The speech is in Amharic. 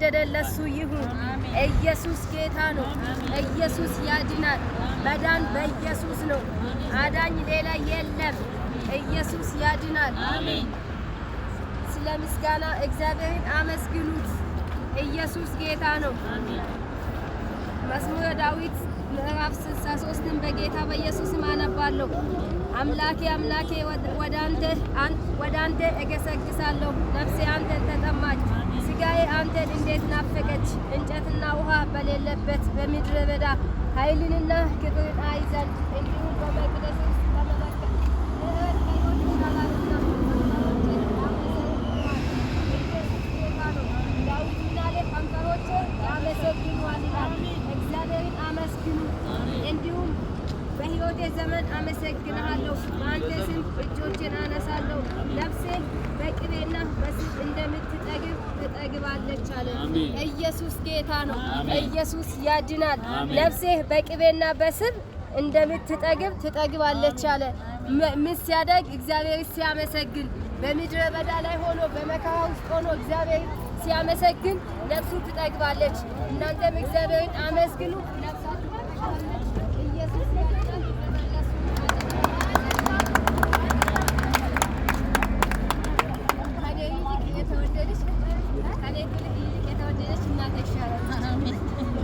ለወደደ ለሱ ይሁን። ኢየሱስ ጌታ ነው። ኢየሱስ ያድናል። መዳን በኢየሱስ ነው። አዳኝ ሌላ የለም። ኢየሱስ ያድናል። ስለ ምስጋና እግዚአብሔርን አመስግኑት። ኢየሱስ ጌታ ነው። መዝሙረ ዳዊት ምዕራፍ 63ን በጌታ በኢየሱስ አነባለሁ። አምላኬ አምላኬ ወደ አንተ ወደ አንተ እገሰግሳለሁ፣ ነፍሴ አንተን ተጠማች። መንገድ እንዴት ናፈቀች! እንጨትና ውሃ በሌለበት በምድረ በዳ ኃይልንና ክብርን አይ እንዲሁም በመቅደስ ውስጥ ተመለከት እግዚአብሔርን በሕይወቴ ዘመን አመሰግንሃለሁ። በአንተ ስም እጆችን አነሳለሁ። ነፍሴን በቅቤና በስብ እንደም አይቻልም። ኢየሱስ ጌታ ነው። ኢየሱስ ያድናል። ነፍሴህ በቅቤና በስብ እንደምትጠግብ ትጠግባለች አለ። ምን ሲያደግ እግዚአብሔር ሲያመሰግን፣ በምድረ በዳ ላይ ሆኖ በመከራ ውስጥ ሆኖ እግዚአብሔር ሲያመሰግን ነፍሱ ትጠግባለች። እናንተም እግዚአብሔርን አመስግኑ።